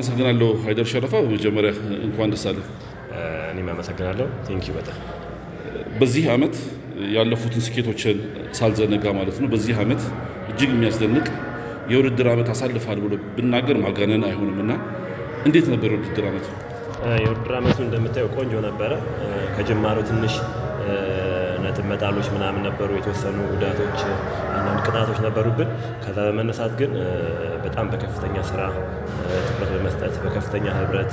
አመሰግናለሁ ሀይደር ሸረፋ በመጀመሪያ እንኳን ደስ አለህ። እኔም አመሰግናለሁ ቴንኪው በጣም በዚህ አመት ያለፉትን ስኬቶችን ሳልዘነጋ ማለት ነው። በዚህ አመት እጅግ የሚያስደንቅ የውድድር ዓመት አሳልፋል ብሎ ብናገር ማጋነን አይሆንም እና እንዴት ነበር የውድድር አመቱ? የውድድር ዓመቱ እንደምታየው ቆንጆ ነበረ። ከጅማሮ ትንሽ ነጥብ መጣሎች ምናምን ነበሩ፣ የተወሰኑ ጉዳቶች፣ አንዳንድ ቅጣቶች ነበሩብን። ከዛ በመነሳት ግን በጣም በከፍተኛ ስራ ትኩረት በመስጠት በከፍተኛ ህብረት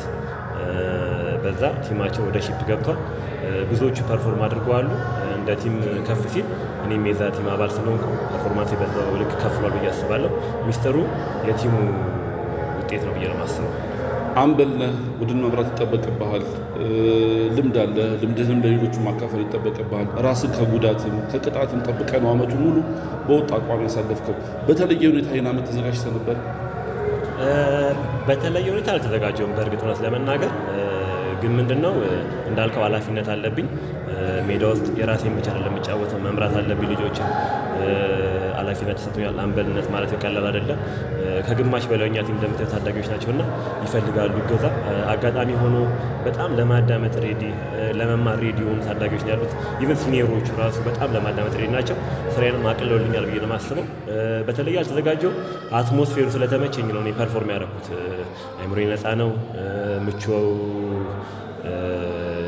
በዛ ቲማቸው ወደ ሺፕ ገብቷል። ብዙዎቹ ፐርፎርም አድርገዋሉ። እንደ ቲም ከፍ ሲል እኔም የዛ ቲም አባል ስለሆንኩ ፐርፎርማንስ በዛው ልክ ከፍሏል ብዬ አስባለሁ። ሚስጥሩ የቲሙ ውጤት ነው ብዬ ነው የማስበው። አንበል ቡድን መምራት ይጠበቅብሃል። ልምድ አለ። ልምድህንም ለሌሎቹ ማካፈል ይጠበቅብሃል። ራስን ከጉዳትም ከቅጣትም ጠብቀ ነው አመቱን ሙሉ በወጥ አቋም ያሳለፍከው። በተለየ ሁኔታ ይህን አመት ተዘጋጅተህ ነበር? በተለየ ሁኔታ አልተዘጋጀውም። በእርግጥ እውነት ለመናገር ግን ምንድን ነው እንዳልከው ኃላፊነት አለብኝ። ሜዳ ውስጥ የራሴን ብቻ ለመጫወት መምራት አለብኝ ልጆችን ኃላፊነት ተሰጥቶኛል። አንበልነት ማለት ቀላል አይደለም። ከግማሽ በላይኛ ቲም እንደምታዩት ታዳጊዎች ናቸው እና ይፈልጋሉ እገዛ። አጋጣሚ ሆኖ በጣም ለማዳመጥ ሬዲ፣ ለመማር ሬዲ የሆኑ ታዳጊዎች ነው ያሉት። ኢቨን ሲኒየሮቹ ራሱ በጣም ለማዳመጥ ሬዲ ናቸው። ስራዬንም አቅለውልኛል ብዬ ነው የማስበው። በተለይ አልተዘጋጀው አትሞስፌሩ ስለተመቸኝ ነው ፐርፎርም ያደረኩት። አይምሮ ነፃ ነው ምቾው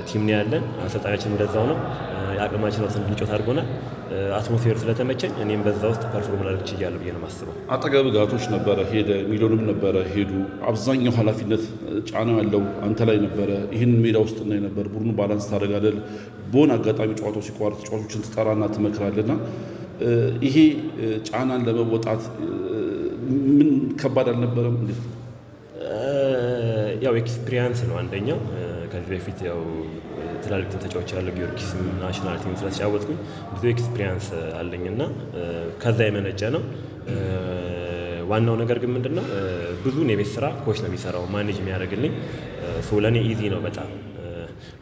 ቲም ነው ያለን። አሰልጣኛችን እንደዛው ነው። የአቅማችን ውስጥ እንድንጮት አድርጎናል። አትሞስፌር ስለተመቸኝ እኔም በዛ ውስጥ ፐርፎርም ላደርግ ችያለሁ ብዬ ነው የማስበው። አጠገብ ጋቶች ነበረ፣ ሄደ ሚሊዮንም ነበረ፣ ሄዱ። አብዛኛው ኃላፊነት ጫና ያለው አንተ ላይ ነበረ። ይህን ሜዳ ውስጥ እናይ ነበር። ቡድኑ ባላንስ ታደርጋለህ። በሆነ አጋጣሚ ጨዋታው ሲቋረጥ ተጫዋቾችን ትጠራና ትመክራለና ይሄ ጫናን ለመወጣት ምን ከባድ አልነበረም? እንዴት ያው ኤክስፒሪያንስ ነው አንደኛው ከዚህ በፊት ያው ትላልቅ ተጫዋች ያለው ጊዮርጊስ ናሽናል ቲም ስለተጫወትኩኝ ብዙ ኤክስፒሪያንስ አለኝ እና ከዛ የመነጨ ነው። ዋናው ነገር ግን ምንድን ነው ብዙውን የቤት ስራ ኮች ነው የሚሰራው ማኔጅ የሚያደርግልኝ። ሶ ለኔ ኢዚ ነው በጣም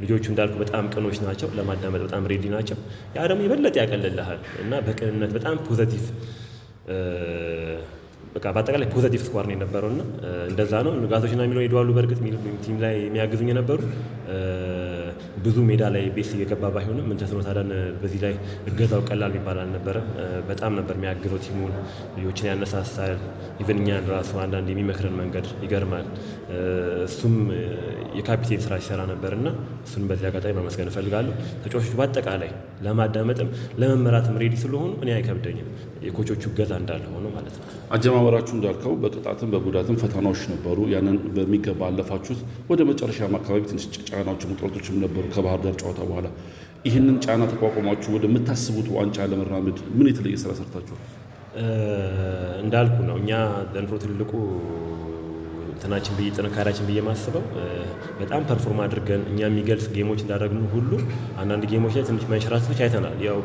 ልጆቹ እንዳልኩ በጣም ቅኖች ናቸው ለማዳመጥ በጣም ሬዲ ናቸው ያ ደግሞ የበለጠ ያቀልልሃል እና በቅንነት በጣም ፖዘቲቭ በቃ በአጠቃላይ ፖዘቲቭ ስኳር ነው የነበረው እና እንደዛ ነው። ንጋቶችና የሚለው ሄደዋሉ። በእርግጥ ቲም ላይ የሚያግዙኝ የነበሩ ብዙ ሜዳ ላይ ቤስ እየገባ ባይሆንም ምንቸስኖር ታዲያ በዚህ ላይ እገዛው ቀላል የሚባል አልነበረም። በጣም ነበር የሚያግዘው ቲሙን፣ ልጆችን ያነሳሳል። ኢቨን እኛን ራሱ አንዳንድ የሚመክረን መንገድ ይገርማል። እሱም የካፒቴን ስራ ሲሰራ ነበር እና እሱን በዚህ አጋጣሚ ማመስገን እፈልጋለሁ። ተጫዋቾቹ በአጠቃላይ ለማዳመጥም ለመመራትም ሬዲ ስለሆኑ እኔ አይከብደኝም፣ የኮቾቹ እገዛ እንዳለ ሆኖ ማለት ነው። አጀማመራችሁ እንዳልከው በቅጣትም በጉዳትም ፈተናዎች ነበሩ። ያንን በሚገባ አለፋችሁት። ወደ መጨረሻ አካባቢ ትንሽ ጫናዎችም ውጥረቶችም ነበሩ ከባህር ዳር ጨዋታ በኋላ። ይህንን ጫና ተቋቁማችሁ ወደምታስቡት ዋንጫ ለመራመድ ምን የተለየ ስራ ሰርታችኋል? እንዳልኩ ነው እኛ ዘንድሮ ትልቁ እንትናችን ብዬ ጥንካሬያችን ብዬ ማስበው በጣም ፐርፎርም አድርገን እኛ የሚገልጽ ጌሞች እንዳደረግን ሁሉ አንዳንድ ጌሞች ላይ ትንሽ መንሸራተቶች አይተናል። ያው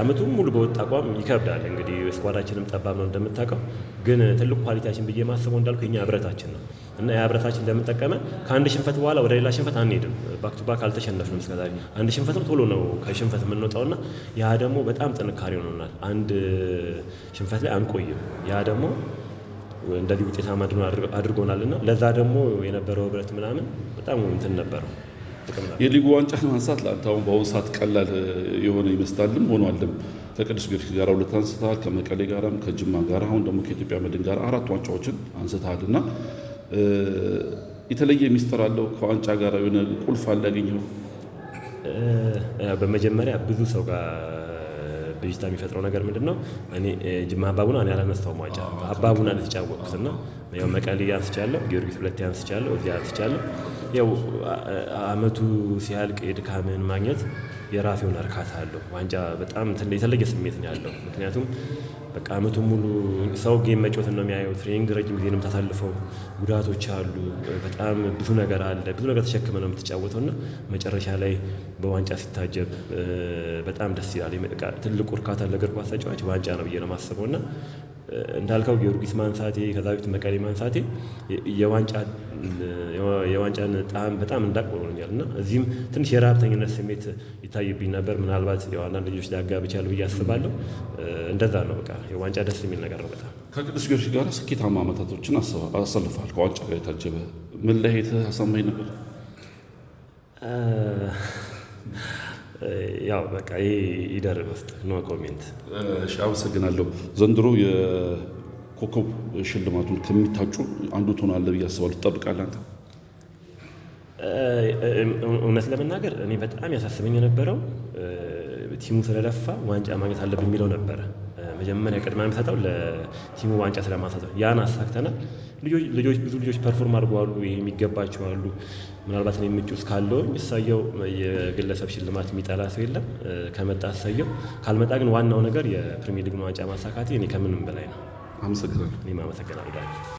አመቱ ሙሉ በወጥ አቋም ይከብዳል። እንግዲህ ስኳዳችንም ጠባብ ነው እንደምታውቀው። ግን ትልቁ ኳሊቲያችን ብዬ ማስበው እንዳልኩ የኛ ህብረታችን ነው እና ያ ህብረታችን እንደምንጠቀመ ከአንድ ሽንፈት በኋላ ወደ ሌላ ሽንፈት አንሄድም። ባክ ቱ ባክ አልተሸነፍንም እስከዛሬ። አንድ ሽንፈትም ቶሎ ነው ከሽንፈት የምንወጣው እና ያ ደግሞ በጣም ጥንካሬ ሆኖናል። አንድ ሽንፈት ላይ አንቆይም። ያ ደግሞ እንደዚህ ውጤታማ አድርጎናል እና ለዛ ደግሞ የነበረው ህብረት ምናምን በጣም እንትን ነበረው የሊጉ ዋንጫን ማንሳት ለአንተ አሁን በአሁኑ ሰዓት ቀላል የሆነ ይመስላልም ሆኗልም። ከቅዱስ ጊዮርጊስ ጋር ሁለት አንስተሃል፣ ከመቀሌ ጋርም ከጅማ ጋር አሁን ደግሞ ከኢትዮጵያ መድን ጋር አራት ዋንጫዎችን አንስተሃል እና የተለየ ሚስጥር አለው ከዋንጫ ጋር የሆነ ቁልፍ አለ ያገኘው? በመጀመሪያ ብዙ ሰው ጋር ብዥታ የሚፈጥረው ነገር ምንድን ነው? እኔ ጅማ አባቡና እኔ አላነሳውም ዋንጫ አባቡና ነው የተጫወቅኩት እና ያው መቀሌ አንስቻለሁ፣ ጊዮርጊስ ሁለቴ አንስቻለሁ፣ እዚህ አንስቻለሁ። ያው አመቱ ሲያልቅ የድካምን ማግኘት የራሴውን እርካታ አለው። ዋንጫ በጣም የተለየ ስሜት ነው ያለው ምክንያቱም በቃ አመቱን ሙሉ ሰው ጌም መጫወት ነው የሚያየው ትሬኒንግ ረጅም ጊዜ ነው የምታሳልፈው ጉዳቶች አሉ በጣም ብዙ ነገር አለ ብዙ ነገር ተሸክመ ነው የምትጫወተው እና መጨረሻ ላይ በዋንጫ ሲታጀብ በጣም ደስ ይላል ትልቁ እርካታ ለእግር ኳስ ተጫዋች ዋንጫ ነው ብዬ ነው የማስበው እና እንዳልከው ጊዮርጊስ ማንሳቴ ከዛ መቀሌ ማንሳቴ የዋንጫን ጣዕም በጣም እንዳውቅ እና እዚህም ትንሽ የረሀብተኝነት ስሜት ይታይብኝ ነበር ምናልባት ያው ልጆች ላጋብ ብዬ አስባለሁ እንደዛ ነው በቃ ዋንጫ ደስ የሚል ነገር ነው በጣም። ከቅዱስ ጊዮርጊስ ጋር ስኬታማ አመታቶችን አሳልፈሃል። ከዋንጫ ጋር የታጀበ ምን ላይ የተሰማኝ ነበር? ያው በቃ ይህ ይደር ውስጥ ኖ ኮሜንት። እሺ አመሰግናለሁ። ዘንድሮ የኮከብ ሽልማቱን ከሚታጩ አንዱ ትሆናለህ ብዬ አስባለሁ። ትጠብቃለህ አንተ? እውነት ለመናገር እኔ በጣም ያሳስበኝ የነበረው ቲሙ ስለለፋ ዋንጫ ማግኘት አለብን የሚለው ነበረ። መጀመሪያ ቅድሚያ የሚሰጠው ለቲሙ ዋንጫ ስለማንሳት ነው። ያን አሳክተናል። ልጆች ብዙ ልጆች ፐርፎርም አድርገዋሉ። ይሄ የሚገባቸው አሉ። ምናልባት እኔ ምንጭ ውስጥ ካለውኝ እሳየው። የግለሰብ ሽልማት የሚጠላ ሰው የለም። ከመጣ እሳየው፣ ካልመጣ ግን ዋናው ነገር የፕሪሚየር ሊግ ዋንጫ ማሳካቴ እኔ ከምንም በላይ ነው። አመሰግናለሁ። እኔም አመሰግናለሁ።